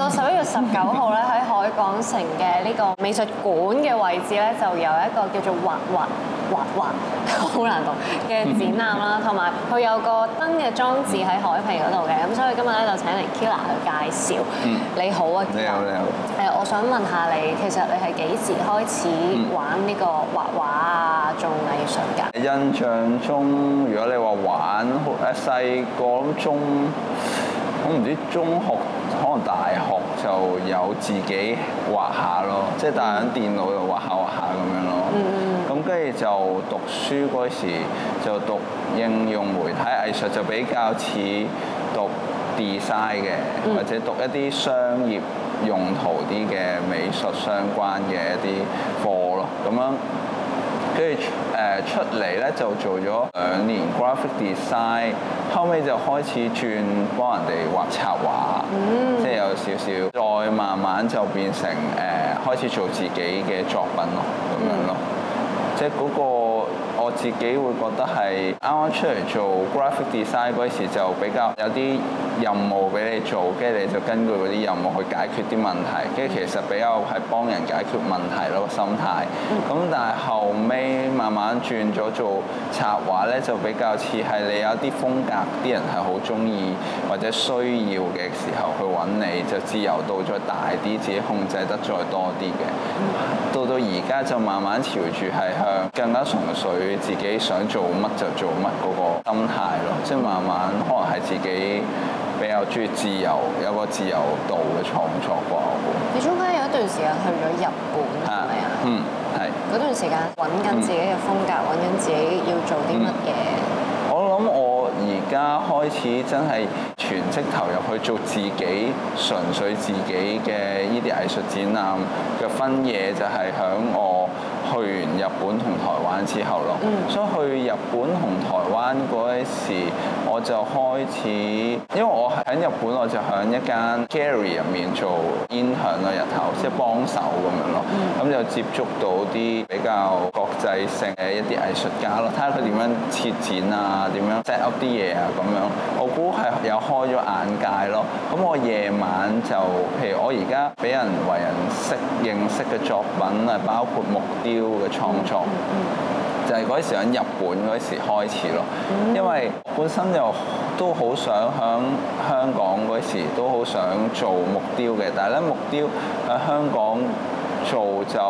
到十一月十九號咧，喺海港城嘅呢個美術館嘅位置咧，就有一個叫做畫畫滑滑好難讀嘅展覽啦，同埋佢有，有個燈嘅裝置喺海皮嗰度嘅，咁所以今日咧就請嚟 Kila 去介紹。嗯、你好啊，你好你好。係、嗯，我想問下你，其實你係幾時開始玩呢個畫畫啊、做藝術噶？印象中，如果你話玩誒細個咁中，我唔知中學。可能大學就有自己畫下咯，即係帶住電腦又畫下畫下咁、嗯、樣咯。咁跟住就讀書嗰時就讀應用媒體藝術就比較似讀 design 嘅，或者讀一啲商業用途啲嘅美術相關嘅一啲科咯。咁樣。跟住誒出嚟咧就做咗兩年 graphic design，後尾就開始轉幫人哋畫插畫，mm. 即係有少少，再慢慢就變成誒、呃、開始做自己嘅作品咯，咁樣咯。Mm. 即係嗰個我自己會覺得係啱啱出嚟做 graphic design 嗰時就比較有啲。任務俾你做，跟住你就根據嗰啲任務去解決啲問題，跟住、嗯、其實比較係幫人解決問題咯個心態。咁、嗯、但係後尾慢慢轉咗做策劃呢就比較似係你有啲風格，啲人係好中意或者需要嘅時候去揾你，就自由度再大啲，自己控制得再多啲嘅。到到而家就慢慢朝住係向更加純粹自己想做乜就做乜嗰個心態咯。嗯、即係慢慢可能係自己。比較中意自由，有個自由度嘅創作啩。你中間有一段時間去咗日本係咪啊？是是嗯，係。嗰段時間揾緊自己嘅風格，揾緊、嗯、自己要做啲乜嘢。我諗我而家開始真係全職投入去做自己，純粹自己嘅呢啲藝術展覽嘅分野，就係、是、響我去完日本同台灣之後咯。嗯、所以去日本同台灣嗰一就開始，因為我喺日本，我就喺一間 gallery 入面做 intern 咯，日頭即係幫手咁樣咯，咁、嗯嗯、就接觸到啲比較國際性嘅一啲藝術家咯，睇下佢點樣設展啊，點樣 set up 啲嘢啊咁樣，我估係有開咗眼界咯。咁我夜晚就，譬如我而家俾人為人識認識嘅作品啊，包括木雕嘅創作。嗯就係嗰時喺日本嗰時開始咯，因為本身就都好想喺香港嗰時都好想做木雕嘅，但係咧木雕喺香港做就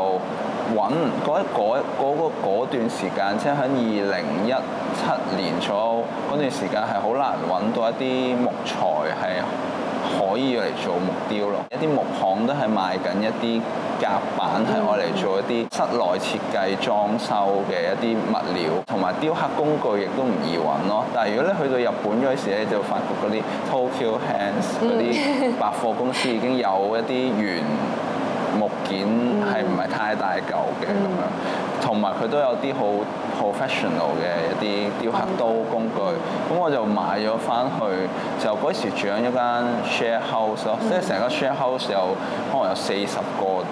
揾嗰一嗰段時間，即係喺二零一七年左右嗰段時間係好難揾到一啲木材係可以嚟做木雕咯，一啲木行都係賣緊一啲。夾板係我嚟做一啲室內設計裝修嘅一啲物料，同埋雕刻工具亦都唔易揾咯。但係如果你去到日本嗰時咧，就發覺嗰啲 Tokyo Hands 嗰啲百貨公司已經有一啲原木件係唔係太大嚿嘅咁樣，同埋佢都有啲好 professional 嘅一啲雕刻刀工具。咁我就買咗翻去，就嗰時住緊一間 share house 咯，即係成個 share house 有可能有四十個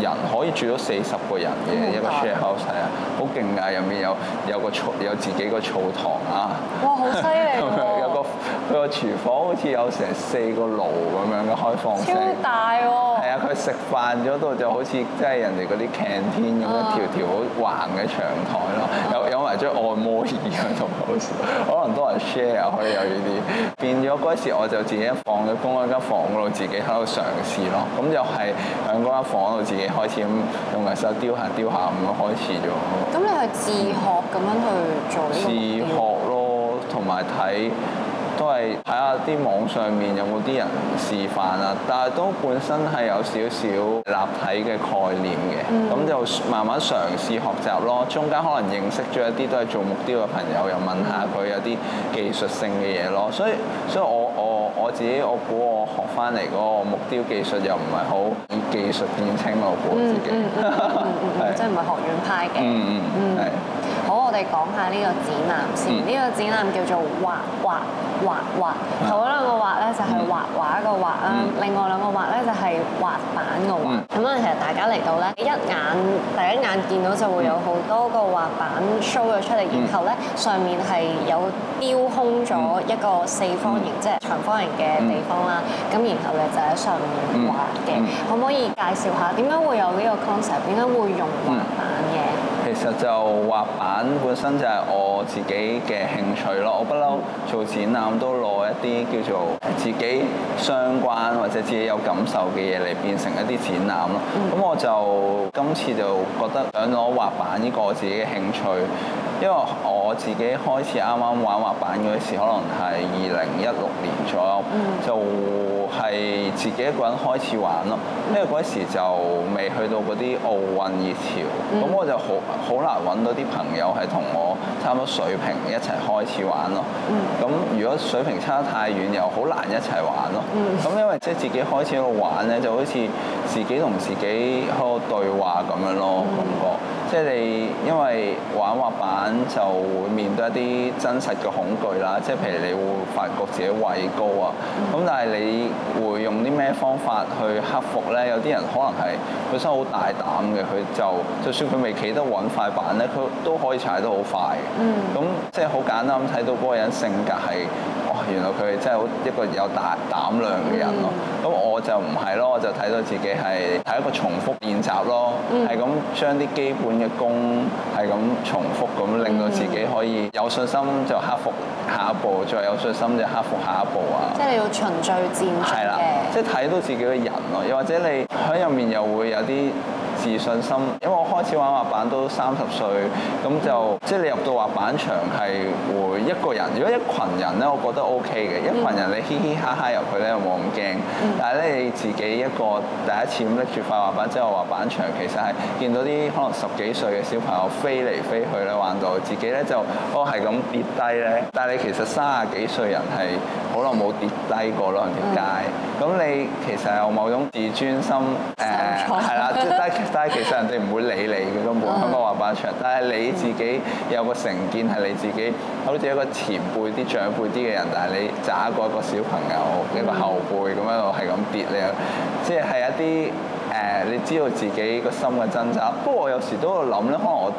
人可以住到四十個人嘅一個 share house 係啊，好勁啊！入面有有個儲有自己個澡堂啊，哇！好犀利喎！有個個廚房好似有成四個爐咁樣嘅開放式，超大喎、啊！係啊，佢食飯嗰度就好似即係人哋嗰啲 canteen 咁樣條條好橫嘅長台咯，有有埋張按摩椅啊，同埋好可能多人 share 可以有呢啲。 變咗嗰時，我就自己放咗工喺間房嗰度，自己喺度嘗試咯。咁就係喺嗰間房度自己開始咁用泥手雕下雕下咁樣，開始咗。咁你係自學咁樣去做呢個？自學咯，同埋睇。因為，睇下啲網上面有冇啲人示範啊，但係都本身係有少少立體嘅概念嘅，咁、嗯、就慢慢嘗試學習咯。中間可能認識咗一啲都係做木雕嘅朋友，又問下佢有啲技術性嘅嘢咯。所以，所以我我我自己，我估我學翻嚟嗰個木雕技術又唔係好以技術見稱，我估自己，即係唔係學院派嘅。嗯嗯嗯。係。我哋講下呢個展覽先。呢個展覽叫做畫畫滑滑。頭嗰兩個畫咧就係畫畫個畫啦。劃劃嗯、另外兩個畫咧就係滑板個畫。咁啊，嗯、其實大家嚟到咧，一眼第一眼見到就會有好多個滑板 show 咗出嚟，然後咧上面係有雕空咗一個四方形，嗯、即係長方形嘅地方啦。咁、嗯、然後咧就喺、是、上面畫嘅。嗯、可唔可以介紹下點解會有呢個 concept？點解會用滑板嘅？其實就滑板本身就係我自己嘅興趣咯，我不嬲做展覽都攞一啲叫做自己相關或者自己有感受嘅嘢嚟變成一啲展覽咯。咁、嗯、我就今次就覺得想攞滑板呢個我自己嘅興趣，因為我自己開始啱啱玩滑板嗰時，可能係二零一六年左右、嗯、就。係自己一個人開始玩咯，嗯、因為嗰時就未去到嗰啲奧運熱潮，咁、嗯、我就好好難揾到啲朋友係同我差唔多水平一齊開始玩咯。咁、嗯、如果水平差太遠，又好難一齊玩咯。咁、嗯、因為即係自己開始喺度玩呢，就好似自己同自己喺度對話咁樣咯，嗯、感覺。即係你，因為玩滑板就會面對一啲真實嘅恐懼啦。即係譬如你會發覺自己畏高啊，咁、嗯、但係你會用啲咩方法去克服呢？有啲人可能係本身好大膽嘅，佢就就算佢未企得穩塊板呢，佢都可以踩得好快嘅。咁、嗯、即係好簡單咁睇到嗰個人性格係。原來佢真係好一個有大膽量嘅人咯，咁、嗯、我就唔係咯，我就睇到自己係睇一個重複練習咯，係咁、嗯、將啲基本嘅功係咁重複咁，令到自己可以有信心就克服下一步，再有信心就克服下一步啊！即係你要循序漸進嘅，即係睇到自己嘅人咯，又或者你喺入面又會有啲。自信心，因為我開始玩滑板都三十歲，咁就即係你入到滑板場係會一個人。如果一群人咧，我覺得 O K 嘅，一群人你嘻嘻哈哈入去咧又冇咁驚。但係咧你自己一個第一次咁拎住塊滑板之後滑板場，其實係見到啲可能十幾歲嘅小朋友飛嚟飛去咧，玩到自己咧就哦，係咁跌低咧。但係你其實三十幾歲人係好耐冇跌低過咯，行條街。咁、嗯、你其實有某種自尊心誒，係啦，即但係其實人哋唔會理你嘅根本，香港滑板場。嗯、但係你自己有個成見係你自己，好似一個前輩啲、長輩啲嘅人，但係你渣過一個小朋友、嗯、一個後輩咁樣，係咁跌你咧，即係係一啲誒、呃，你知道自己個心嘅掙扎。不過我有時都會諗咧，可能我，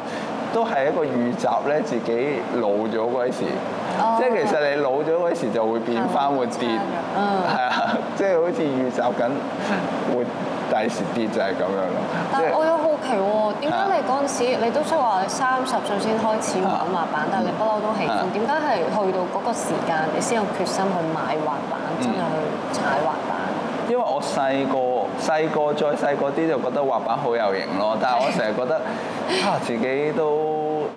都係一個預習咧，自己老咗嗰時，即係、oh, okay. 其實你老咗嗰時就會變翻活 跌，係啊，即 係樂、就是、好似預習緊會第時跌就係咁樣咯。但係我有好奇喎、哦，點解你嗰陣時、啊、你都出話三十歲先開始玩滑板，啊、但係你不嬲都喜歡，點解係去到嗰個時間你先有決心去買滑板，真係去踩滑板？嗯、因為我細個細個再細個啲就覺得滑板好有型咯，但係我成日覺得嚇、 啊、自己都。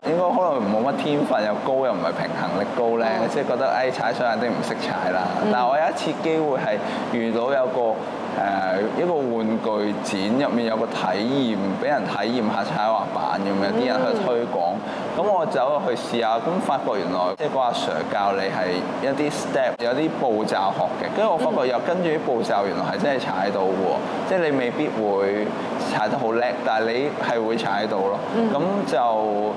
應該可能冇乜天分，又高又唔係平衡力高咧，mm hmm. 即係覺得誒、哎、踩水肯定唔識踩啦。Mm hmm. 但係我有一次機會係遇到有個誒、呃、一個玩具展入面有個體驗，俾人體驗下踩滑板咁樣，啲人去推廣。Mm hmm. 咁我走去試下，咁發覺原來即係個阿 Sir 教你係一啲 step 有啲步驟學嘅，跟住我發覺又跟住啲步驟，原來係真係踩到喎，嗯、即係你未必會踩得好叻，但係你係會踩到咯。咁、嗯、就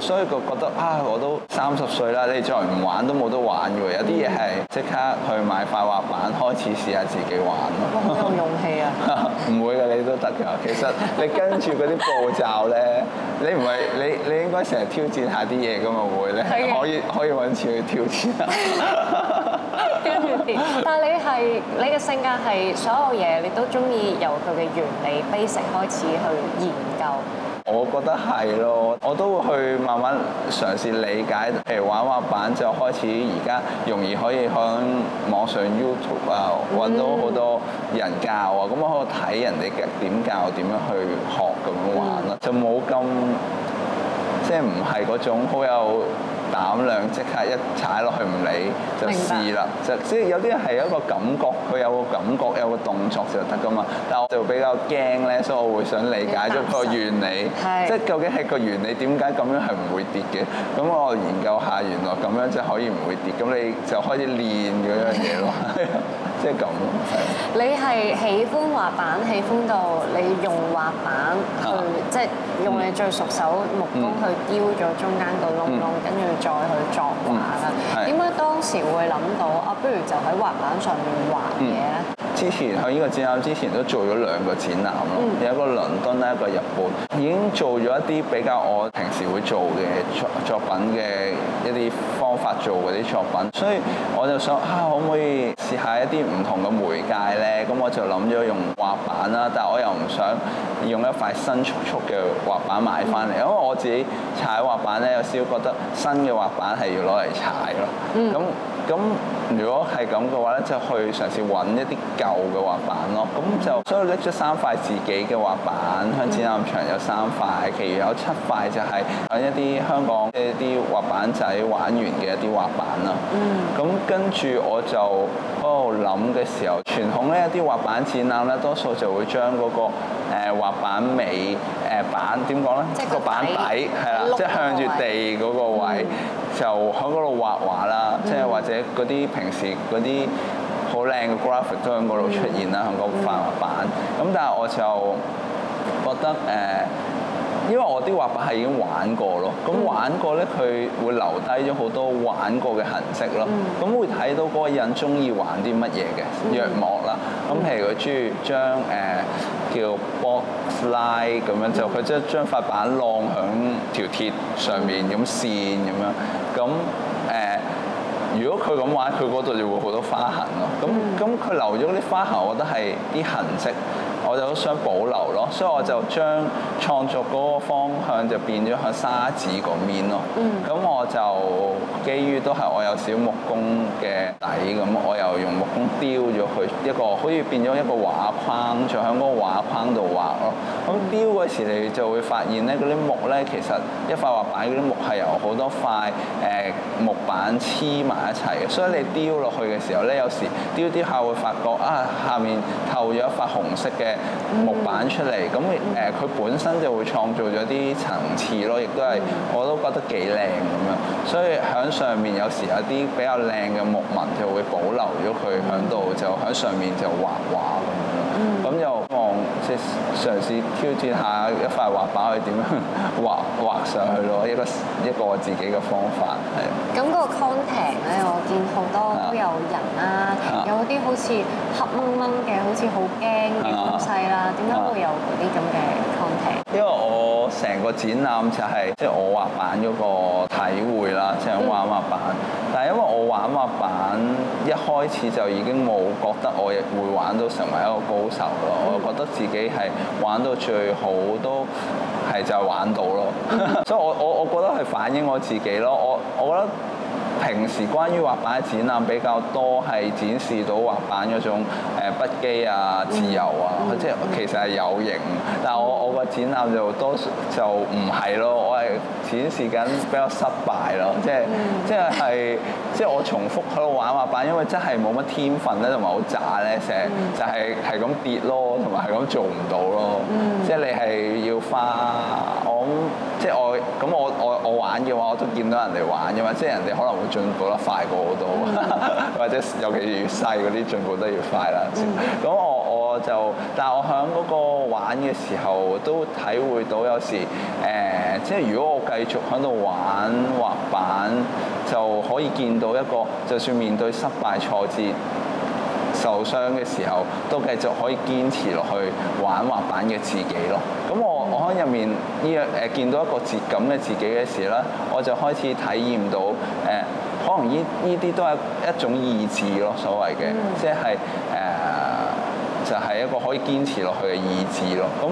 所以就覺得啊，我都三十歲啦，你再唔玩都冇得玩嘅喎，有啲嘢係即刻去買塊滑板開始試下自己玩咯。咁有勇氣啊？唔 會嘅，你都得㗎。其實你跟住嗰啲步驟咧，你唔係你你應該成日挑戰下。啲嘢噶嘛會咧，可以可以揾錢去挑戰。啊！ 挑但係你係你嘅性格係所有嘢，你都中意由佢嘅原理 basic 開始去研究。我覺得係咯，我都會去慢慢嘗試理解。譬如玩滑板就開始，而家容易可以響網上 YouTube 啊，揾到好多人教啊，咁、嗯、我睇人哋點教，點樣去學，咁樣玩啦，嗯、就冇咁。即係唔係嗰種好有膽量，即刻一踩落去唔理就試啦。白就即係有啲係一個感覺，佢有個感覺，有個動作就得噶嘛。但係我就比較驚咧，所以我會想理解咗個原理。係即係究竟係個原理點解咁樣係唔會跌嘅？咁我研究下，原來咁樣就可以唔會跌。咁你就開始練嗰樣嘢咯。 即係咁你係喜歡滑板，喜歡到你用滑板去，啊、即係用你最熟手木工去雕咗中間個窿窿，跟住、嗯、再去作板啦。點解、嗯、當時會諗到啊？不如就喺滑板上面畫嘢咧？嗯之前喺呢、這個展覽之前都做咗兩個展覽咯，有、嗯、一個倫敦咧，一個日本，已經做咗一啲比較我平時會做嘅作作品嘅一啲方法做嗰啲作品，所以我就想嚇、啊、可唔可以試下一啲唔同嘅媒介呢？咁我就諗咗用滑板啦，但係我又唔想用一塊新速速嘅滑板買翻嚟，嗯、因為我自己踩滑板呢，有時覺得新嘅滑板係要攞嚟踩咯，咁。咁如果係咁嘅話咧，就去嘗試揾一啲舊嘅滑板咯。咁、mm hmm. 就所以拎咗三塊自己嘅滑板向展覽場有三塊，mm hmm. 其餘有七塊就係喺一啲香港一啲滑板仔玩完嘅一啲滑板啦。嗯、mm。咁、hmm. 跟住我就喺度諗嘅時候，傳統咧一啲滑板展覽咧，多數就會將嗰、那個誒、呃、滑板尾誒、呃、板點講咧，呢即係是板底係啦，即係、就是、向住地嗰個位。嗯就喺嗰度畫畫啦，即係或者嗰啲平時嗰啲好靚嘅 graphic 都喺嗰度出現啦，喺個、嗯、畫板。咁、嗯、但係我就覺得誒、呃，因為我啲畫法係已經玩過咯，咁玩過咧佢會留低咗好多玩過嘅痕跡咯。咁、嗯、會睇到嗰個人中意玩啲乜嘢嘅約莫啦。咁、嗯、譬如佢中意將誒、呃叫 box 波拉咁樣就佢即係將塊板晾響條鐵上面咁線，咁樣咁誒。如果佢咁玩，佢嗰度就會好多花痕咯。咁咁佢留咗啲花痕，我覺得係啲痕跡。我就好想保留咯，所以我就將創作個方向就變咗向沙子嗰邊咯。咁，嗯，我就基於都係我有小木工嘅底，咁我又用木工雕咗佢一個好似變咗一個畫框，再響個畫框度畫咯。咁雕時你就會發現咧，啲木咧其實一塊畫板啲木係由好多塊誒木板黐埋一齊嘅，所以你雕落去嘅時候咧，有時雕雕下會發覺啊，下面透咗一塊紅色嘅木板出嚟，咁誒佢本身就會創造咗啲層次咯，亦都係、嗯、我都覺得幾靚咁樣。所以響上面有時有啲比較靚嘅木紋就會保留咗，佢響度就響上面就畫畫咁樣，咁又、嗯。就即係嘗試挑戰一下一塊滑板畫，去點樣滑滑上去咯。一個一個我自己嘅方法係。咁個 contact 咧、啊，我見好多都有人啦、啊，啊、有啲好似黑掹掹嘅，好似好驚嘅東西啦。點解、啊啊、會有嗰啲咁嘅 contact？因為我成個展覽就係即係我滑板嗰個體會啦，想玩滑板。嗯、但係因為我玩滑板。一開始就已經冇覺得我亦會玩到成為一個高手咯，我覺得自己係玩到最好都係就玩到咯， 所以我我我覺得係反映我自己咯，我我覺得。平時關於滑板展覽比較多係展示到滑板嗰種誒不羈啊、自由啊，即係、嗯、其實係有型。但係我我個展覽就多數就唔係咯，我係展示緊比較失敗咯，即係即係係即係我重複喺度玩滑板，因為真係冇乜天分咧，同埋好渣咧，成日、嗯、就係係咁跌咯，同埋係咁做唔到咯。即係、嗯、你係要花，往即係我咁我。就是我玩嘅話，我都見到人哋玩嘅嘛，即係人哋可能會進步得快過好多，或者尤其越細嗰啲進步得越快啦。咁我我就，但係我喺嗰個玩嘅時候都體會到有時，誒、呃，即係如果我繼續喺度玩滑板，就可以見到一個，就算面對失敗挫折。錯受傷嘅時候都繼續可以堅持落去玩滑板嘅自己咯。咁我我喺入面呢樣誒見到一個節感嘅自己嘅時咧，我就開始體驗到誒、呃、可能呢呢啲都係一種意志咯，所謂嘅，嗯、即係誒、呃、就係、是、一個可以堅持落去嘅意志咯。咁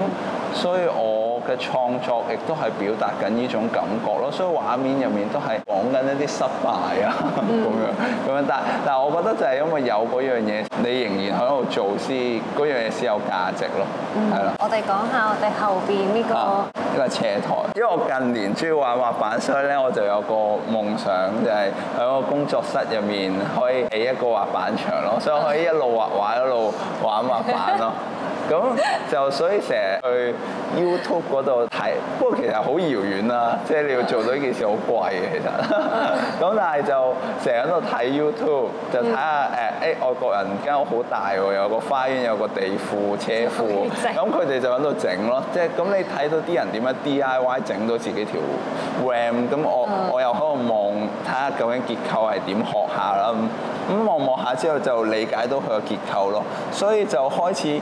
所以我。嘅創作亦都係表達緊呢種感覺咯，所以畫面入面都係講緊一啲失敗啊咁樣咁樣，但係但係我覺得就係因為有嗰樣嘢，你仍然喺度做先，嗰樣嘢先有價值咯。嗯，係啦的，我哋講下我哋後邊呢、呢個呢、啊呢個斜台，因為我近年主要玩滑板，所以咧我就有個夢想就係、係、喺個工作室入面可以起一個滑板場咯，所以我可以一路畫畫一路玩滑板咯。 咁 就所以成日去 YouTube 度睇，不過其實好遙遠啦。即係你要做到呢件事好貴嘅，其實咁 但係就成日喺度睇 YouTube，就睇下誒誒外國人間屋好大喎，有個花園，有個地庫車庫。咁佢哋就喺度整咯，即係咁你睇到啲人點樣 DIY 整到自己條 ramp，咁我、uh. 我又喺度望睇下究竟結構係點學下啦。咁望望下之後就理解到佢個結構咯，所以就開始。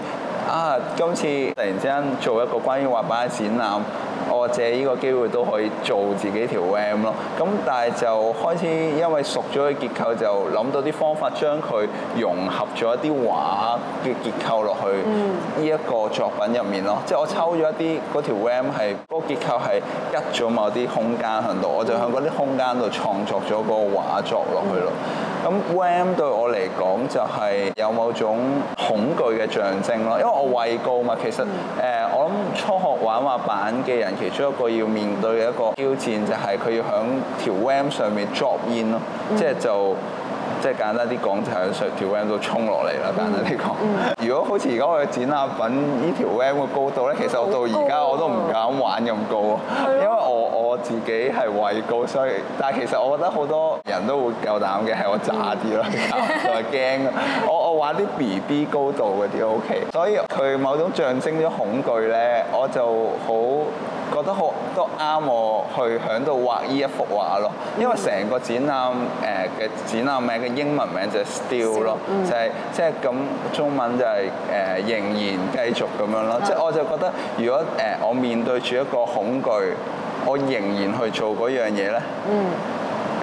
啊！今次突然之間做一個關於畫板嘅展覽，我借呢個機會都可以做自己條 ramp 咯。咁但係就開始因為熟咗嘅結構，就諗到啲方法將佢融合咗一啲畫嘅結構落去呢一、嗯、個作品入面咯。即係我抽咗一啲嗰條 ramp 係，嗰個結構係吉咗某啲空間喺度，我就喺嗰啲空間度創作咗個畫作落去咯。嗯嗯咁 ram 對我嚟講就係有某種恐懼嘅象徵咯，因為我畏高嘛。其實誒、嗯呃，我諗初學玩滑板嘅人，其中一個要面對嘅一個挑戰就係佢要響條 ram 上面 drop in 咯、嗯，即係就即係簡單啲講，就響上條 ram 度衝落嚟啦。簡單啲講，嗯、如果好似而家我要剪下粉呢條 ram 嘅高度咧，其實我到而家、哦、我都唔敢玩咁高，哦哦、因為我。我自己係畏高，所以但係其實我覺得好多人都會夠膽嘅，係我渣啲咯，就係驚。我我玩啲 B B 高度嗰啲 OK，所以佢某種象徵咗恐懼咧，我就好覺得好都啱我去響度畫呢一幅畫咯。嗯、因為成個展覽誒嘅、呃、展覽名嘅英文名就係 Still 咯，就係即係咁中文就係、是、誒、呃、仍然繼續咁樣咯。即係、嗯、我就覺得，如果誒、呃、我面對住一個恐懼。我仍然去做嗰樣嘢咧。嗯、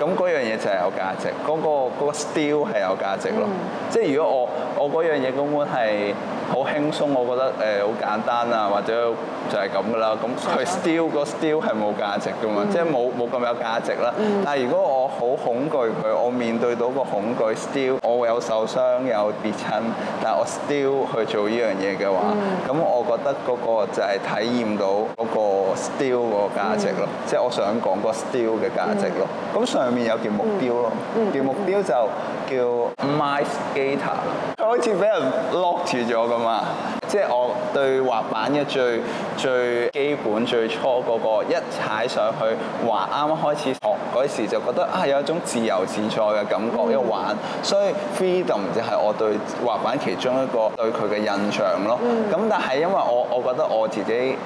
咁樣嘢就係有價值，嗰個嗰個 still 係有價值咯。Mm hmm. 即係如果我我樣嘢根本係好輕鬆，我覺得誒好、呃、簡單啊，或者就係咁噶啦。咁佢 still 個 still 係冇價值噶嘛，mm hmm. 即係冇冇咁有價值啦。Mm hmm. 但係如果我好恐懼佢，我面對到個恐懼 still、mm hmm. 我會有受傷有跌親，但係我 still 去做呢樣嘢嘅話，咁、mm hmm. 我覺得個就係體驗到個 still 個價值咯。Mm hmm. 即係我想講個 still 嘅價值咯。咁上、mm。Hmm. Mm hmm. 面有叫目標咯，叫、嗯嗯、目標就叫 My Skater、嗯。佢好似俾人 lock 住咗噉啊，即係 我對滑板嘅最最基本、最初嗰、嗰個一踩上去滑啱啱開始學嗰時，就覺得啊有一種自由自在嘅感覺、嗯、一玩，所以 Freedom 就係我對滑板其中一個對佢嘅印象咯。咁、嗯、但係因為我我覺得我自己。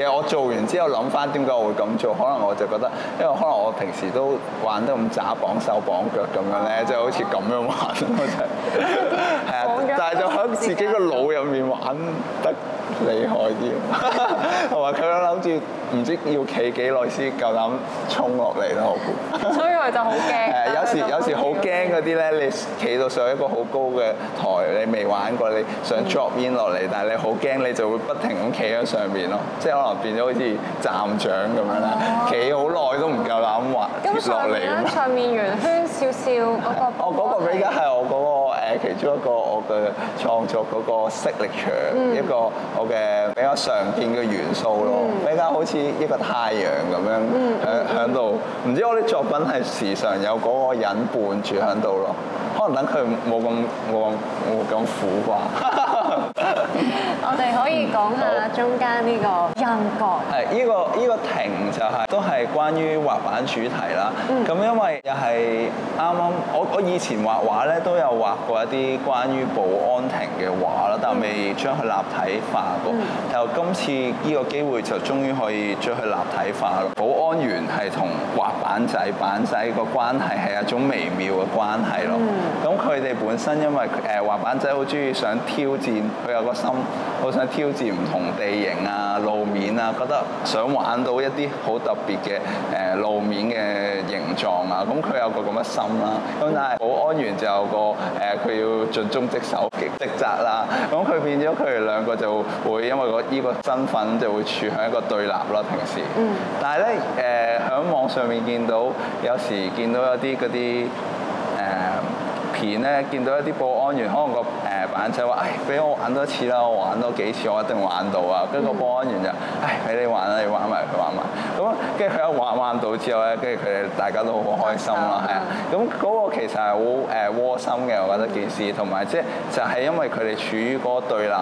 其實我做完之後諗翻點解我會咁做，可能我就覺得，因為可能我平時都玩得咁渣，綁手綁腳咁樣咧，即係、哦、好似咁樣玩咯，我就係、係，啊，綁腳 但係就喺自己個腦入面玩得厲害啲，同埋佢都諗住唔知要企幾耐先夠膽衝落嚟咯，好。所以我就好驚。誒， 有時有時好驚嗰啲咧，嗯、你企到上一個好高嘅台，你未玩過，你想 drop in 落嚟，但係你好驚，你就會不停咁企喺上面咯，嗯、即係可能。變咗好似站長咁樣啦，企好耐都唔夠膽滑落嚟。上面圓圈笑笑，嗰個寶寶、啊，我嗰個比較係我嗰個誒其中一個我嘅創作嗰個 signature，一個我嘅比較常見嘅元素咯，嗯、比較好似一個太陽咁樣喺喺度。唔知我啲作品係時常有嗰個人伴住喺度咯，嗯嗯、可能等佢冇咁冇咁冇咁苦啩。 我哋可以講下中間呢個音角，嗯。係呢、呢個呢、呢個亭就係、是。都係關於滑板主題啦，咁、嗯、因為又係啱啱我我以前畫畫咧都有畫過一啲關於保安亭嘅畫啦，但係未將佢立體化過。嗯、就今次呢個機會就終於可以將佢立體化咯。保安員係同滑板仔、板仔個關係係一種微妙嘅關係咯。咁佢哋本身因為誒滑、呃、板仔好中意想挑戰，佢有個心，好想挑戰唔同地形啊、路面啊，覺得想玩到一啲好特別。別嘅誒路面嘅形狀啊，咁佢有個咁嘅心啦，咁但係保安員就有個誒，佢、呃、要盡忠職守嘅職責啦，咁佢變咗佢哋兩個就會因為個依個身份就會處喺一個對立啦。平時嗯，但係咧誒響網上面見到有時見到一啲嗰啲誒片咧，見到一啲保安員可能個。就話誒，俾我玩多次啦，我玩多幾次，我一定玩到啊！跟住保安員就唉，俾你玩啦，你玩埋佢玩埋。咁跟住佢一玩玩到之後咧，跟住佢哋大家都好開心啦，係啊！ 咁、那、嗰個其實係好誒窩心嘅，我覺得件事，同埋即係就係因為佢哋處於嗰對立。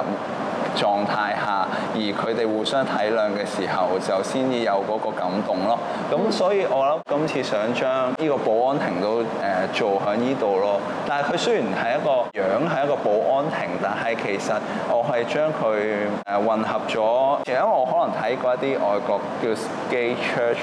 狀態下，而佢哋互相體諒嘅時候，就先至有嗰個感動咯。咁所以我諗今次想將呢個保安亭都誒、呃、做喺呢度咯。但係佢雖然係一個樣，係一個保安亭，但係其實我係將佢誒、呃、混合咗，其實因為我可能睇過一啲外國叫 gay church。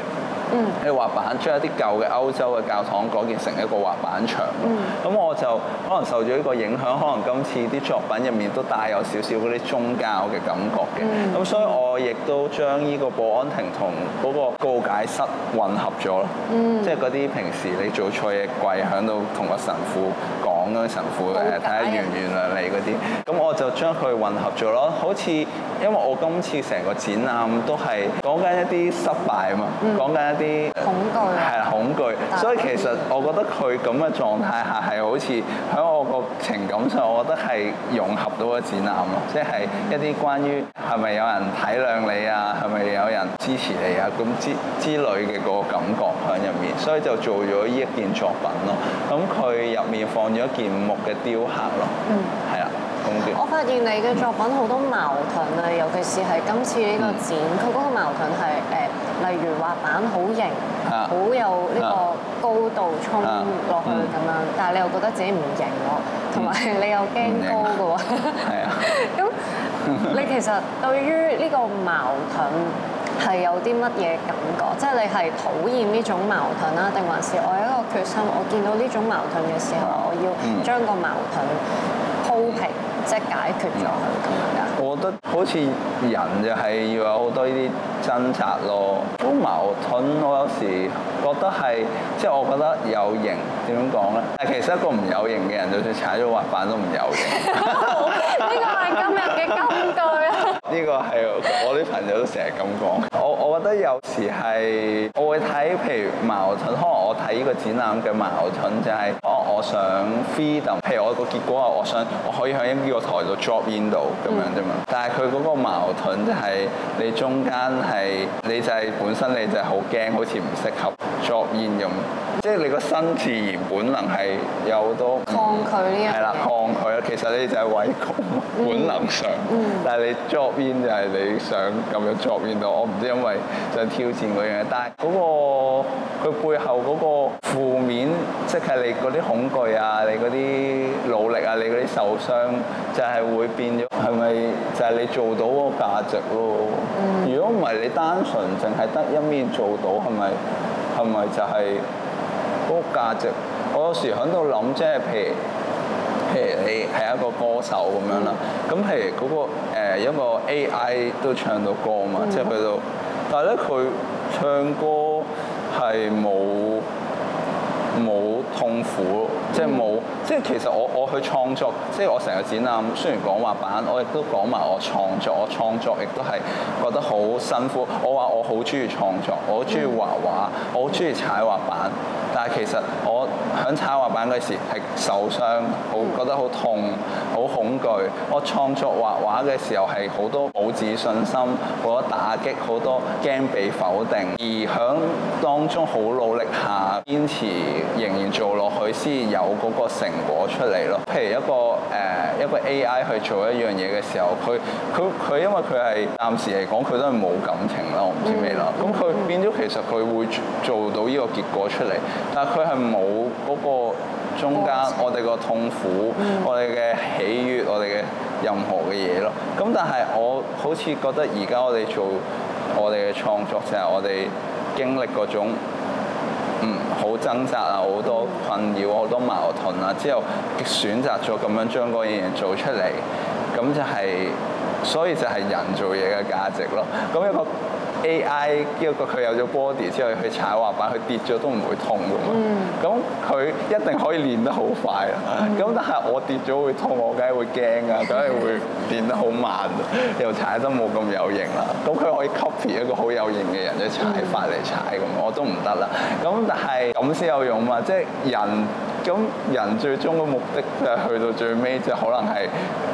嗯，你滑板將一啲舊嘅歐洲嘅教堂改建成一個滑板場。嗯，咁我就可能受咗呢個影響，可能今次啲作品入面都帶有少少啲宗教嘅感覺嘅。嗯，咁所以我亦都將呢個保安亭同個告解室混合咗咯。嗯，即係啲平時你做錯嘢，跪響度同個神父講。講緊神父誒，睇下原唔原諒你嗰啲，咁我就將佢混合咗咯。好似因為我今次成個展覽都係講緊一啲失敗嘛，講緊，嗯，一啲恐懼，係恐懼。所以其實我覺得佢咁嘅狀態下係好似喺我個情感上，我覺得係融合到個展覽咯，即係一啲關於係咪有人體諒你啊，係咪有人支持你啊，咁之之類嘅個感覺。入面，所以就做咗呢一件作品咯。咁佢入面放咗一件木嘅雕刻咯。嗯，係啊，我發現你嘅作品好多矛盾啊，尤其是係今次呢個展，佢嗰、嗯、個矛盾係誒、呃，例如滑板好型，好有呢個高度衝落去咁樣，啊啊啊嗯、但係你又覺得自己唔型喎，同埋你又驚高嘅喎。係啊、嗯，咁你其實對於呢個矛盾，係有啲乜嘢感覺？即係你係討厭呢種矛盾啦，定還是我有一個決心？我見到呢種矛盾嘅時候，我要將個矛盾鋪平，嗯、即係解決咗咁樣㗎。我覺得好似人就係要有好多呢啲掙扎咯。都矛盾，我有時覺得係即係我覺得有型點樣講咧？但其實一個唔有型嘅人，就算踩咗滑板都唔有型。呢個係今日嘅金句。呢個係我啲朋友都成日咁講。我覺得有時係我會睇，譬如矛盾。可能我睇呢個展覽嘅矛盾就係、是、我、哦、我想 freedom，譬如我個結果係我想我可以喺呢個台度 drop in 度咁樣啫嘛。但係佢嗰個矛盾就係、是、你中間係你就係本身你就係好驚，好似唔適合 drop in 用，即係你個身自然本能係有好多抗拒呢樣嘢。係啦，抗拒啊！其實你就係畏高，本能上。嗯嗯、但係你 drop in 就係你想咁樣 drop in 度，我唔知因。就挑戰嗰樣，但係嗰個佢背後嗰個負面，即係你嗰啲恐懼啊，你嗰啲努力啊，你嗰啲受傷，就係會變咗。係咪就係你做到嗰個價值咯？如果唔係你單純淨係得一面做到，係咪係咪就係嗰個價值？我有時喺度諗，即係譬如譬如你係一個歌手咁樣啦，咁譬如嗰個誒一個 AI 都唱到歌嘛，嗯、即係去到。但係咧，佢唱歌係冇冇痛苦，嗯、即係冇即係其實我我去創作，即係我成日展覽。雖然講滑板，我亦都講埋我創作，我創作亦都係覺得好辛苦。我話我好中意創作，我好中意畫畫，嗯、我好中意踩滑板。但係其實我響踩滑板嘅時係受傷好覺得好痛，好恐懼我創作畫畫嘅時候係好多冇自信心，好多打擊好多驚被否定。而響當中好努力下堅持，仍然做落去先有個成果出嚟咯。譬如一個。誒一個 AI 去做一樣嘢嘅時候，佢佢佢因為佢係暫時嚟講，佢都係冇感情咯，我唔知咩喇。咁佢、嗯嗯、變咗其實佢會做，做到呢個結果出嚟，但係佢係冇嗰個中間、嗯、我哋個痛苦、嗯、我哋嘅喜悅、我哋嘅任何嘅嘢咯。咁但係我好似覺得而家我哋做我哋嘅創作就係我哋經歷嗰種。掙扎啊，好多困擾，好多矛盾啊，之後選擇咗咁樣將嗰樣嘢做出嚟，咁就係，是。所以就係人做嘢嘅價值咯，咁一個。A.I. 一個佢有咗 body 之後，去踩滑板，佢跌咗都唔會痛嘅嘛。咁佢、嗯、一定可以練得好快啦。咁、嗯、但係我跌咗會痛，我梗係會驚啊，梗係會練得好慢， 又踩得冇咁有，有型啦。咁佢可以 copy 一個好有型嘅人嘅踩法嚟踩咁，嗯、我都唔得啦。咁但係咁先有用嘛？即、就、係、是、人咁人最終嘅目的就係、是、去到最尾就可能係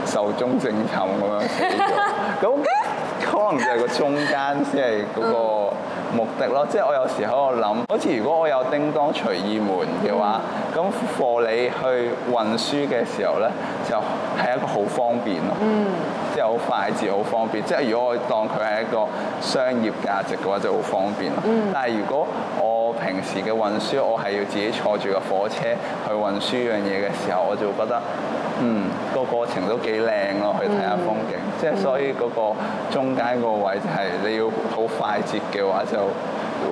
壽終正寢咁樣死咗咁 可能就係個中間先係個目的咯，嗯、即係我有時喺度諗，好似如果我有叮當隨意門嘅話，咁貨、嗯、你去運輸嘅時候咧，就係、是、一個好方便咯，即係好快捷、好方便。即係如果我當佢係一個商業價值嘅話，就好方便咯。嗯、但係如果我平時嘅運輸，我係要自己坐住個火車去運輸樣嘢嘅時候，我就會覺得，嗯，個過程都幾靚咯，去睇下風景。嗯即係所以個中間個位就係你要好快捷嘅話就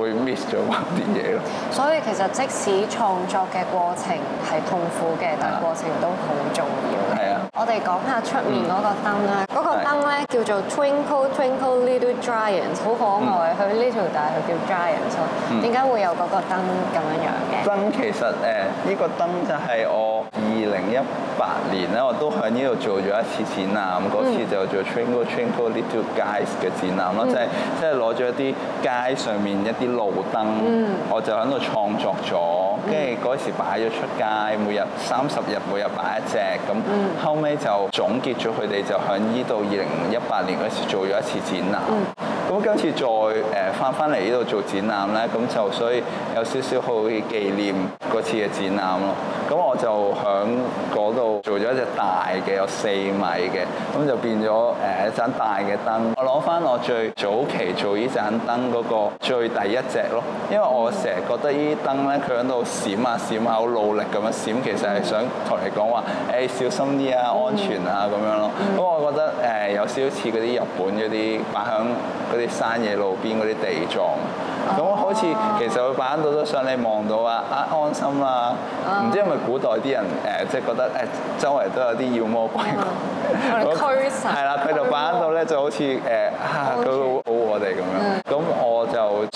會 miss 咗啲嘢咯。所以其實即使創作嘅過程係痛苦嘅，但係過程都好。我哋講下出面嗰個燈啦。嗰、嗯、個燈咧是叫做 Twinkle Twinkle Little Giants，好可愛。佢呢條大佢叫 Giants，點解、嗯、會有嗰個燈咁樣樣嘅？燈其實誒，呢、呃這個燈就係我二零一八年咧，我都喺呢度做咗一次展覽，嗰、嗯、次就做 Twinkle Twinkle Little Guys 嘅展覽咯，即係即係攞咗一啲街上面一啲路燈，嗯、我就喺度創作咗。跟住嗰時擺咗出街，每日三十日每日擺一隻，咁後尾就總結咗佢哋就喺呢度二零一八年嗰時做咗一次展覽，咁、嗯、今次再誒翻翻嚟呢度做展覽咧，咁就所以有少少好去紀念嗰次嘅展覽咯。咁我就喺嗰度做咗一隻大嘅，有四米嘅，咁就變咗誒一盞大嘅燈。我攞翻我最早期做呢盞燈嗰個最第一隻咯，因為我成日覺得呢啲燈咧佢喺度閃啊閃啊，好努力咁樣閃，其實係想同你講話誒小心啲啊，安全啊咁樣咯。咁、嗯、我覺得誒有少少似嗰啲日本嗰啲擺響嗰啲山野路邊嗰啲地藏。咁、啊、好似其實佢擺到都想，你望到啊啊安心啦、啊，唔、啊、知係咪古代啲人誒、呃，即係覺得誒、呃、周圍都有啲妖魔鬼怪，怪、啊，我推晒。係啦， 佢就擺到咧就好似誒嚇佢保護我哋咁樣。嗯。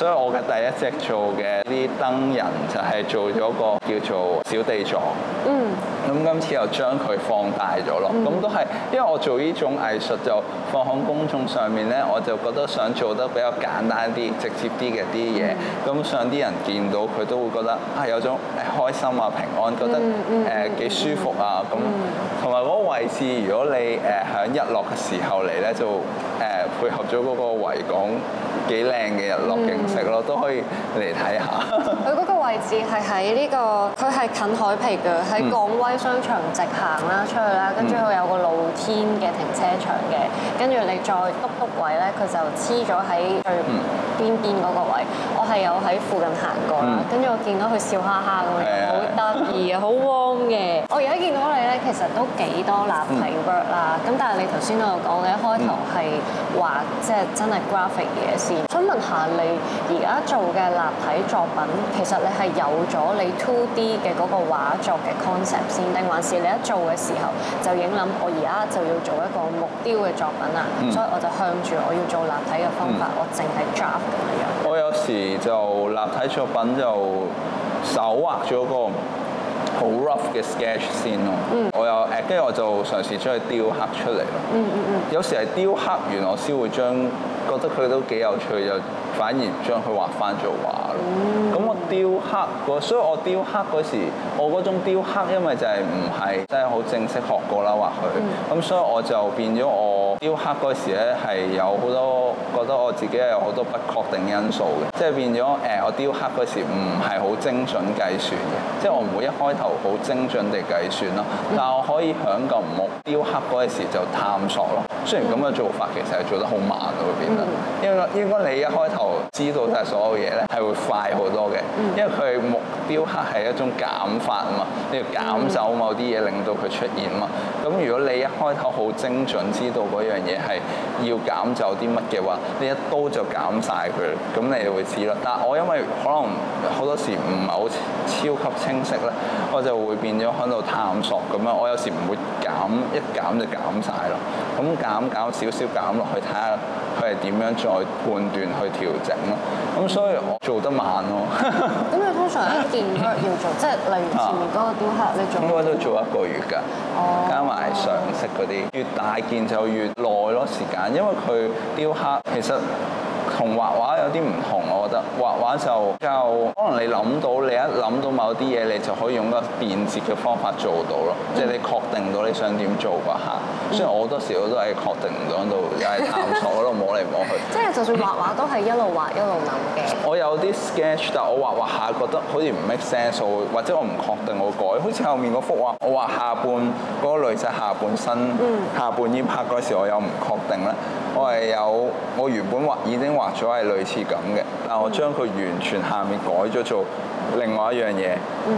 所以我嘅第一隻做嘅啲燈人就係做咗個叫做小地藏。嗯，咁今次又將佢放大咗咯，咁、嗯、都係因為我做呢種藝術就放響公眾上面咧，我就覺得想做得比較簡單啲、直接啲嘅啲嘢，咁想啲人見到佢都會覺得啊有種誒開心啊平安，覺得誒、呃、幾舒服啊咁，同埋嗰個位置，如果你誒喺、呃、日落嘅時候嚟咧，就誒、呃、配合咗嗰個維港。幾靚嘅日落景色咯，都可以嚟睇下。位置係喺呢個佢係近海皮嘅，喺港威商場直行啦出去啦，跟住佢有個露天嘅停車場嘅，跟住你再篤篤位咧，佢就黐咗喺最邊邊嗰個位。我係有喺附近行過啦，跟住我見到佢笑哈哈咁樣，好得意啊，好 warm 嘅。 我而家見到你咧，其實都幾多立體 work 啦，咁 但係你頭先都有講嘅開頭係話即係真係 graphic 嘢先。想問下你而家做嘅立體作品，其實咧？係有咗你 two D 嘅嗰個畫作嘅 concept 先，定還是你一做嘅時候就影諗？我而家就要做一個木雕嘅作品喇，嗯、所以我就向住我要做立體嘅方法，嗯、我淨係 draft 咁樣。我有時就立體作品就手畫咗個好 rough 嘅 sketch 先咯，嗯、我又誒，跟住我就嘗試將佢雕刻出嚟咯。嗯嗯嗯有時係雕刻完我先會將覺得佢都幾有趣，就反而將佢畫翻做畫咯。咁、嗯、我雕刻嗰，所以我雕刻時我種雕刻因為就係唔係真係好正式學過啦，或佢，咁、嗯，所以我就變咗我。雕刻嗰時咧係有好多覺得我自己有好多不確定因素嘅，即係變咗誒、欸，我雕刻嗰時唔係好精準計算嘅，即係我唔會一開頭好精準地計算咯。但係我可以喺個木雕刻嗰時就探索咯。雖然咁嘅做法其實係做得好慢嘅會變啦，應該應該你一開頭知道晒所有嘢咧係會快好多嘅，因為佢木雕刻係一種減法啊嘛，你、就、要、是、減走某啲嘢令到佢出現啊嘛。咁如果你一開頭好精準知道呢樣嘢係要減走啲乜嘅話，你一刀就減晒佢，咁你就會知咯。但係我因為可能好多時唔係好超級清晰咧，我就會變咗喺度探索咁樣。我有時唔會減，一減就減晒咯。咁減減少減少減落去，睇下佢係點樣再判斷去調整咯。咁、嗯、所以我做得慢咯。咁佢、嗯、 通常一件都要做，即係例如前面嗰個雕刻，你做應該都做一個月㗎，加埋上，上色嗰啲，哦、越大件就越耐咯，時間，因為佢雕刻其實。同畫畫有啲唔同，我覺得畫畫就就可能你諗到，你一諗到某啲嘢，你就可以用個便捷嘅方法做到咯。嗯、即係你確定到你想點做啩吓，嗯、雖然我好多時我都係確定唔到度，又係探索度摸嚟摸去。即係就算畫畫都係一路畫一路諗嘅。 我有啲 sketch，但係我畫畫下覺得好似唔 make sense，或者我唔確定我改。好似後面幅畫我畫下半，嗰個女仔下半身，嗯、下半衣拍嗰時，我又唔確定咧。嗯、我係有我原本畫已經畫。畫咗係類似咁嘅，但我將佢完全下面改咗做另外一樣嘢，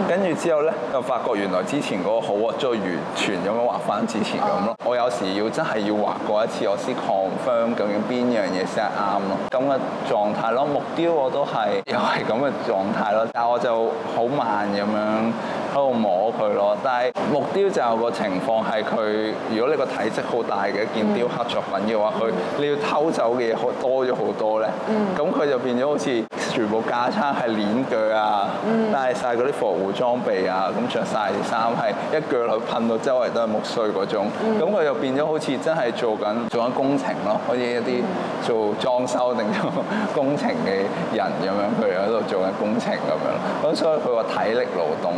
跟住、嗯、之後咧就發覺原來之前嗰個好，再完全咁樣畫翻之前咁咯。哦、我有時要真係要畫過一次，我先 confirm 究竟邊樣嘢先係啱咯。咁嘅狀態咯，木雕我都係又係咁嘅狀態咯，但我就好慢咁樣。喺度摸佢咯，但係木雕就有個情況係佢，如果你個體積好大嘅一件雕刻作品嘅話，佢你要偷走嘅嘢好多咗好多咧。咁佢、嗯、就變咗好似全部架撐係鏈鋸啊，嗯、戴晒嗰啲防護裝備啊，咁著曬衫係一鋸去噴到周圍都係木碎嗰種。咁佢、嗯、就變咗好似真係做緊做緊工程咯、啊，好似、嗯、一啲做裝修定做工程嘅人咁樣，佢喺度做緊工程咁樣。咁所以佢話體力勞動。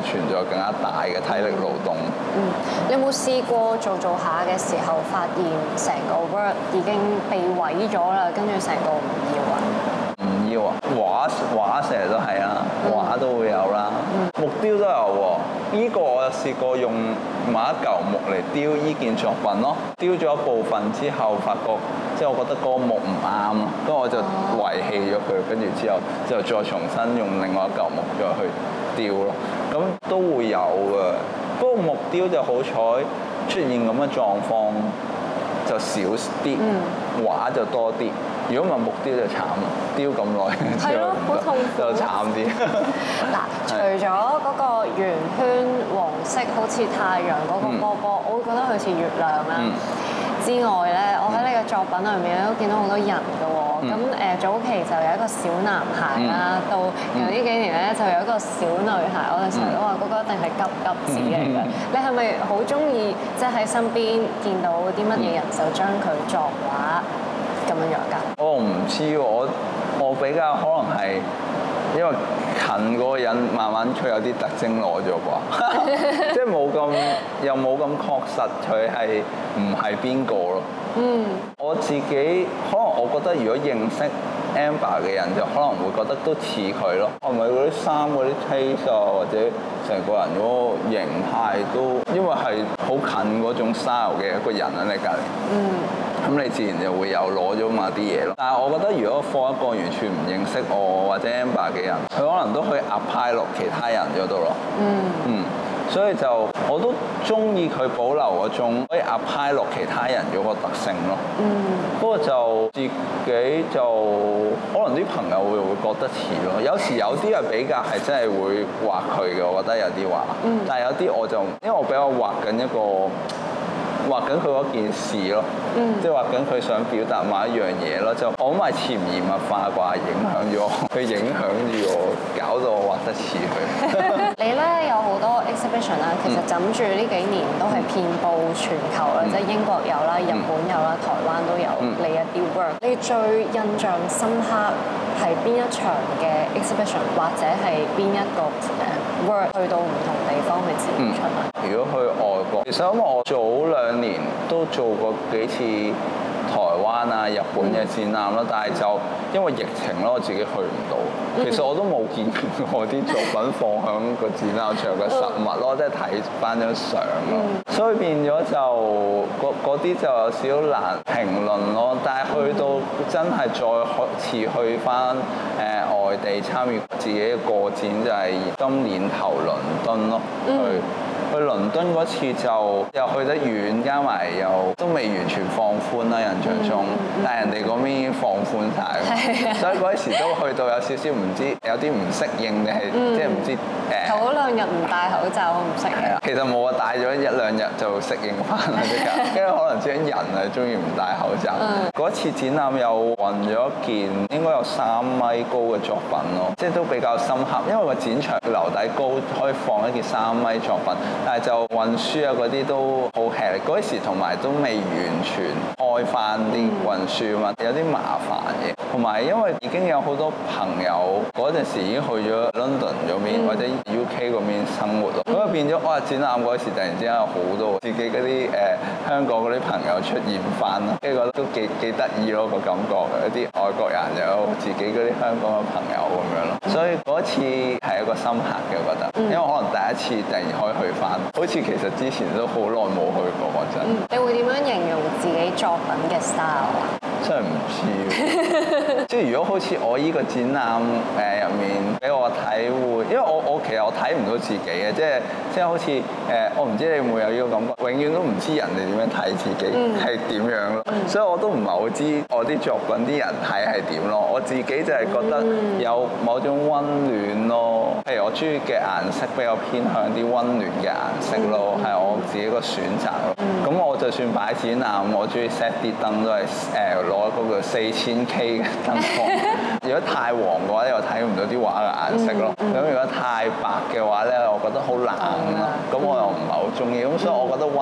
存在更加大嘅體力勞動。嗯，你有冇試過做做下嘅時候，發現成個 work 已經被毀咗啦，跟住成個唔要啊？唔要啊！畫畫成日都係啊，畫都會有啦，木雕都有喎。呢個我試過用某一嚿木嚟雕呢件作品咯，雕咗一部分之後，發覺即係我覺得個木唔啱，咁我就遺棄咗佢，跟住之後就再重新用另外一嚿木再去。雕咯，咁都會有嘅。不過木雕就好彩，出現咁嘅狀況就少啲，嗯、畫就多啲。如果唔係木雕就慘啦，雕咁耐，係咯，好痛就慘啲。嗱， 除咗嗰個圓圈黃色好似太陽嗰個波波，嗯、我會覺得佢似月亮啦。嗯之外咧，我喺你嘅作品入面都見到好多人嘅喎。咁誒、嗯，早期就有一個小男孩啦，嗯、到然後呢幾年咧、嗯、就有一個小女孩。嗯、我哋成日都話嗰個一定係急急子嚟嘅。嗯、你係咪好中意即係喺身邊見到啲乜嘢人就將佢作畫咁樣樣㗎？我唔知喎，我我比較可能係。因為近嗰個人慢慢佢有啲特徵攞咗啩， 即係冇咁又冇咁確實，佢係唔係邊個咯。嗯，我自己可能我覺得如果認識 Amber 嘅人就可能會覺得都似佢咯，係咪嗰啲衫嗰啲 taste 啊，或者成個人嗰個形態都，因為係好近嗰種 style 嘅一個人喺你隔籬。嗯。咁你自然就會有攞咗嘛啲嘢咯。但係我覺得，如果放一個完全唔認識我或者 Ember 嘅人，佢可能都可以 apply 落其他人嗰度咯。嗯嗯，所以就我都中意佢保留嗰種可以 apply 落其他人嗰個特性咯。嗯，不過就自己就可能啲朋友會覺得似咯。有時有啲嘅比較係真係會畫佢嘅，我覺得有啲畫。嗯，但係有啲我就因為我比較畫緊一個，畫緊佢嗰件事咯，嗯、即係畫緊佢想表達某一樣嘢咯，就我諗係潛移默化啩影響咗佢，影響住我，搞 到我，我畫得似佢。 你咧有好多 exhibition 啦，其實枕住呢幾年都係遍佈全球啦，嗯、即係英國有啦、日本有啦、嗯、台灣都有你一啲 work。嗯、你最印象深刻係邊一場嘅 exhibition，或者係邊一個？w o 去到唔同地方去展覽、嗯。如果去外國，其實因為我早兩年都做過幾次台灣啊、日本嘅展覽啦，嗯、但係就因為疫情咯，我自己去唔到。 其實我都冇見過啲作品放喺個展覽場嘅實物咯， 即係睇翻張相咯。 所以變咗就嗰啲就有少少難評論咯。但係去到真係再次去持去翻誒外地參與自己嘅個展，就係今年頭倫敦咯。去。 去倫敦嗰次就又去得遠，加埋又都未完全放寬啦，印象中。嗯嗯嗯、但人哋嗰邊已經放寬晒。是啊、所以嗰時都去到有少少唔知，有啲唔適應嘅，係、嗯、即係唔知誒。頭、呃、嗰兩日唔戴口罩，我唔適應。其實冇啊，戴咗一兩日就適應翻啦。跟住可能啲人啊，中意唔戴口罩。嗰 次展覽又運咗件應該有三米高嘅作品咯，即係都比較深刻，因為個展場樓底高，可以放一件三米作品。但係就運輸啊嗰啲都好吃力，嗰時同埋都未完全開翻啲運輸嘛，嗯、有啲麻煩嘅。同埋因為已經有好多朋友嗰陣時已經去咗 London 嗰邊、嗯、或者 UK 嗰邊生活咯，咁啊、嗯、變咗哇展覽嗰時突然之間有好多自己嗰啲誒香港嗰啲朋友出現翻啦，跟住覺得都幾幾得意咯個感覺，一啲外國人又有自己嗰啲香港嘅朋友咁樣咯，嗯、所以嗰次係一個深刻嘅我覺得，嗯、因為可能第一次突然可以去翻。好似其實之前都好耐冇去過，陣、嗯。你會點樣形容自己作品嘅 style 啊？真係唔知，即係 如果好似我依個展覽誒入、呃、面俾我睇會，因為我我其實我睇唔到自己嘅，即係即係好似誒、呃，我唔知你有冇依個感覺？永遠都唔知人哋點樣睇自己係點、嗯、樣咯，所以我都唔係好知我啲作品啲人睇係點咯，我自己就係覺得有某種温暖咯，譬如我中意嘅顏色比較偏向啲温暖嘅顏色咯，係、嗯、我自己個選擇咯，咁、嗯、我就算擺展覽，我中意 set 啲燈都係誒。呃我嗰個四千 K 嘅燈光， 如果太黃嘅話，又睇唔到啲畫嘅顏色咯。咁、mm hmm. 如果太白嘅話咧，我覺得好冷啦。咁、mm hmm. 我又唔係好中意。咁、mm hmm. 所以，我覺得温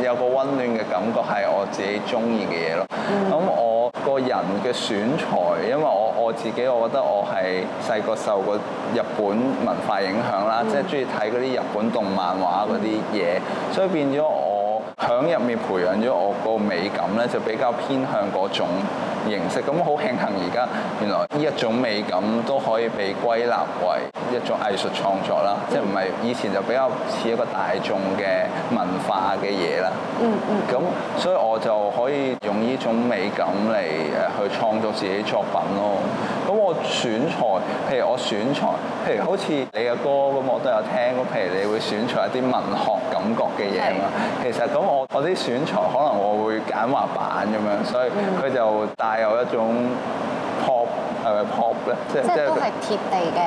有個温暖嘅感覺，係我自己中意嘅嘢咯。咁、mm hmm. 我個人嘅選材，因為我我自己，我覺得我係細個受過日本文化影響啦，即係中意睇嗰啲日本動漫畫嗰啲嘢，mm hmm. 所以變咗我。響入面培養咗我個美感咧，就比較偏向嗰種形式。咁，好慶幸而家原來呢一種美感都可以被歸納為一種藝術創作啦，mm. 即係唔係以前就比較似一個大眾嘅文化嘅嘢啦。嗯嗯、mm。咁、hmm. 所以我就可以用呢種美感嚟誒去創作自己作品咯。咁我選材，譬如我選材，譬如好似你嘅歌咁，我都有聽過。譬如你會選材一啲文學感覺嘅嘢嘛。是的 其實咁我我啲選材可能我會揀滑板咁樣，所以佢就帶有一種。係咪 pop 咧？即即都係貼地嘅。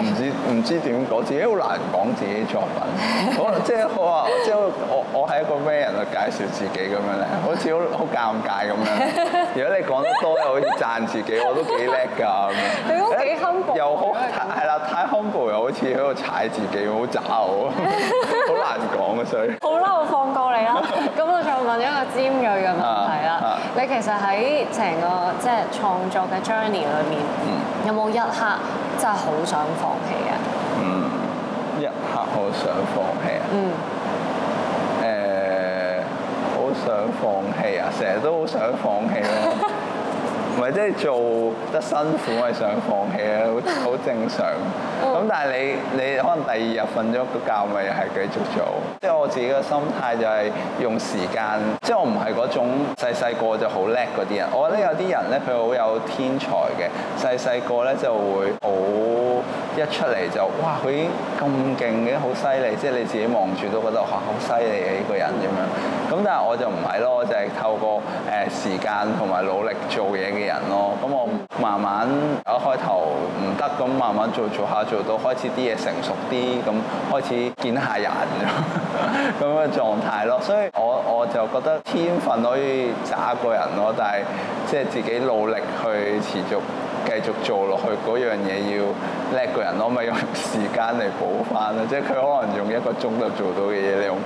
唔 知唔知點講自己好難講自己作品。可能即我話即我我係一個咩人去介紹自己咁樣咧，好似好好尷尬咁樣。如果你講得多又好似讚自己，我都幾叻㗎咁樣。你都幾 humble？又好係啦，太 humble 又好似喺度踩自己，好渣我。好難講嘅。所以。好啦，我放過你啦。咁 我再問一個尖鋭嘅問題啦。你其實喺成個即創作嘅將年裏面，有冇一刻真係好想放棄啊？嗯，一刻好想放棄啊？嗯，誒、欸，好想放棄啊！成日都好想放棄啦。 唔係即係做得辛苦，我係 想放棄啊，好正常。咁 但係你你可能第二日瞓咗個覺，咪又係繼續做。即係我自己嘅心態就係用時間。即係我唔係嗰種細細個就好叻嗰啲人。我覺得有啲人咧，佢好有天才嘅。細細個咧，就會好一出嚟就哇，佢咁勁嘅，好犀利。即係你自己望住都覺得哇，好犀利嘅呢個人咁樣。咁但係我就唔係咯，我就係透過誒時間同埋努力做嘢嘅人咯。咁我慢慢一開頭唔得，咁慢慢做做下做到開始啲嘢成熟啲，咁開始見下人咁嘅 狀態咯。所以我，我我就覺得天分可以渣一個人咯，但係即係自己努力去持續。繼續做落去嗰樣嘢要叻個人，我咪用時間嚟補翻咯。即係佢可能用一個鐘就做到嘅嘢，你用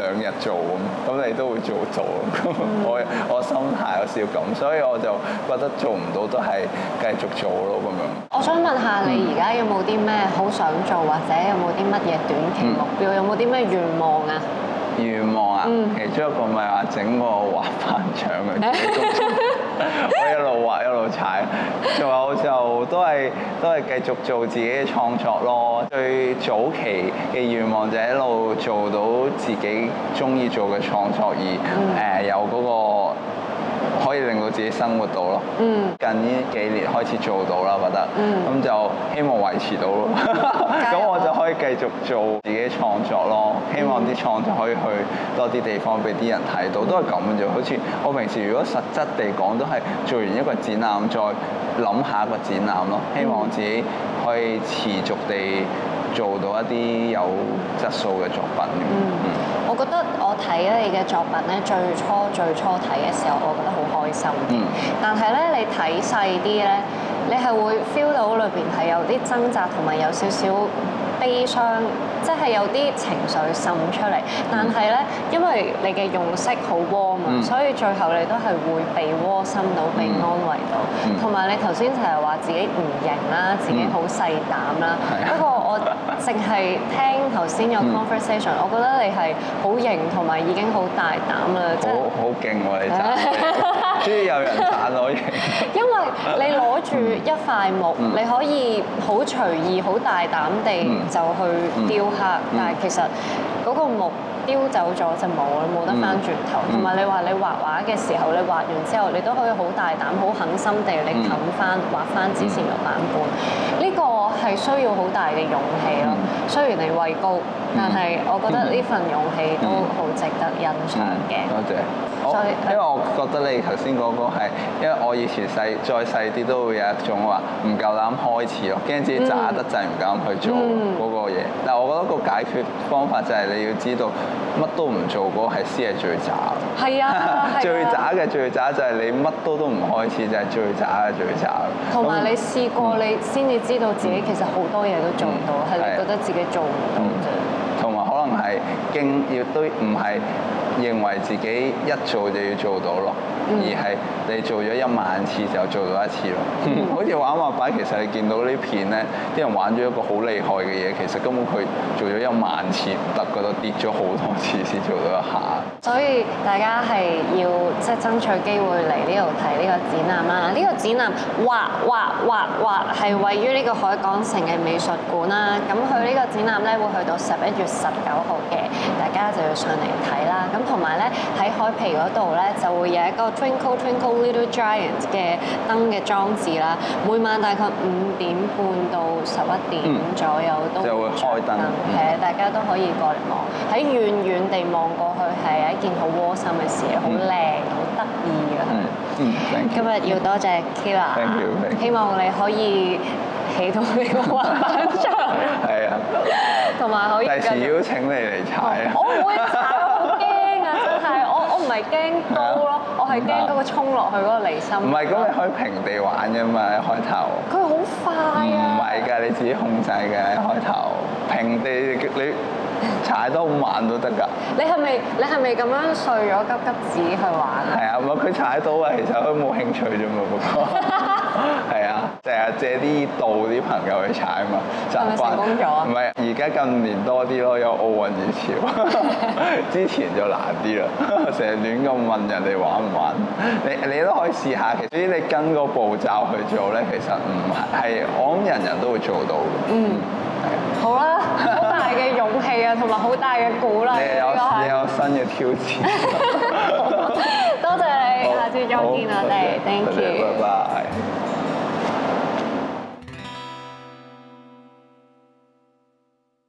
兩日做咁，咁你都會做到。 我 我，我心態有少咁，所以我就覺得做唔到都係繼續做咯咁樣。我想問下你而家有冇啲咩好想做，或者有冇啲乜嘢短期目標，嗯、有冇啲咩願望啊？願望啊？嗯、其中一個咪話整個滑板場嘅。 我一路畫一路踩，仲有就都係都係繼續做自己嘅創作咯。最早期嘅願望就一路做到自己鍾意做嘅創作，而誒、呃、有嗰、那個。可以令到自己生活到咯。嗯，近呢幾年開始做到啦，覺得。嗯。咁就希望維持到咯。咁加油 我就可以繼續做自己創作咯。希望啲創作可以去多啲地方俾啲人睇到，嗯、都係咁啫。好似我平時如果實質地講，都係做完一個展覽再諗下一個展覽咯。希望自己可以持續地做到一啲有質素嘅作品。嗯，嗯，我覺得我睇你嘅作品咧，最初最初睇嘅時候，我覺得好。嗯、但係咧，你睇細啲咧，你係會 feel 到裏邊係有啲掙扎同埋有少少悲傷，即、就、係、是、有啲情緒滲出嚟。但係咧，因為你嘅用色好 warm、嗯、所以最後你都係會被窩心到被安慰到。同埋、嗯、你頭先就係話自己唔型啦，自己好細膽啦，不過、嗯。是 淨係聽頭先有 conversation，、嗯、我覺得你係好型同埋已經好大膽啦，好真係好勁喎！ 你真係終於有人攤攞嘢，因為你攞住一塊木，嗯、你可以好隨意、好大膽地就去雕刻，嗯嗯嗯、但係其實嗰個木。丟走咗就冇，冇得翻轉頭。同埋、嗯、你話你畫畫嘅時候，你畫完之後，你都可以好大膽、好狠心地你冚翻畫翻之前嘅版本。呢、嗯嗯、個係需要好大嘅勇氣咯。嗯、雖然你畏高，但係我覺得呢份勇氣都好值得欣賞嘅。多謝、嗯。Okay. 好，因為我覺得你頭先嗰個係，因為我以前細再細啲都會有一種話唔夠膽開始咯，驚自己渣得滯，唔、嗯、敢去做嗰個嘢。但係我覺得個解決方法就係你要知道，乜都唔做嗰個係先係最渣。係啊，啊 最渣嘅最渣就係你乜都都唔開始就，就係最渣嘅最渣。同埋你試過、嗯、你先至知道自己其實好多嘢都做唔到，係、嗯、覺得自己做唔到。同埋、嗯、可能係經要堆唔係。認為自己一做就要做到咯，而係你做咗一萬次就做到一次咯。 好似玩滑板，其實你見到呢片咧，啲人玩咗一個好厲害嘅嘢，其實根本佢做咗一萬次唔得，覺得跌咗好多次先做到一下。所以大家係要即係爭取機會嚟呢度睇呢個展覽啦。呢個展覽畫畫滑滑係位於呢個海港城嘅美術館啦。咁佢呢個展覽咧會去到十一月十九號嘅，大家就要上嚟睇啦。咁。同埋咧喺海皮嗰度咧就會有一個 Twinkle Twinkle Little Giant 嘅燈嘅裝置啦，每晚大概五點半到十一點左右，嗯、都會燈開燈，係大家都可以過嚟望。喺、嗯、遠遠地望過去係一件好窩心嘅事，好靚，好得意嘅。嗯，今日要多謝 Kila，Thank you. 希望你可以起到呢個滑板，係 啊，同埋 可以。第時邀請你嚟踩啊！唔係驚高咯，刀啊、我係驚嗰個衝落去嗰個離心。唔係，咁你可以平地玩嘅嘛，一開頭。佢好快啊！唔係㗎，你自己控制嘅，一開頭平地你踩得好慢都得㗎 。你係咪你係咪咁樣碎咗急急紙去玩？係 啊，唔係佢踩得多啊，其實佢冇興趣啫嘛，不、那、過、個。 係啊，成日借啲道啲朋友去踩啊嘛，習慣咗唔係而家近年多啲咯，有奧運熱潮。 之前就難啲啦，成日亂咁問人哋玩唔玩？你你都可以試下，其實你跟個步驟去做咧，其實唔係係我諗人人都會做到。嗯，是好啦，好大嘅勇氣啊，同埋好大嘅鼓勵。你有你有新嘅挑戰。多 謝，謝你，好下次再見啊好，我哋。Thank you，謝拜拜。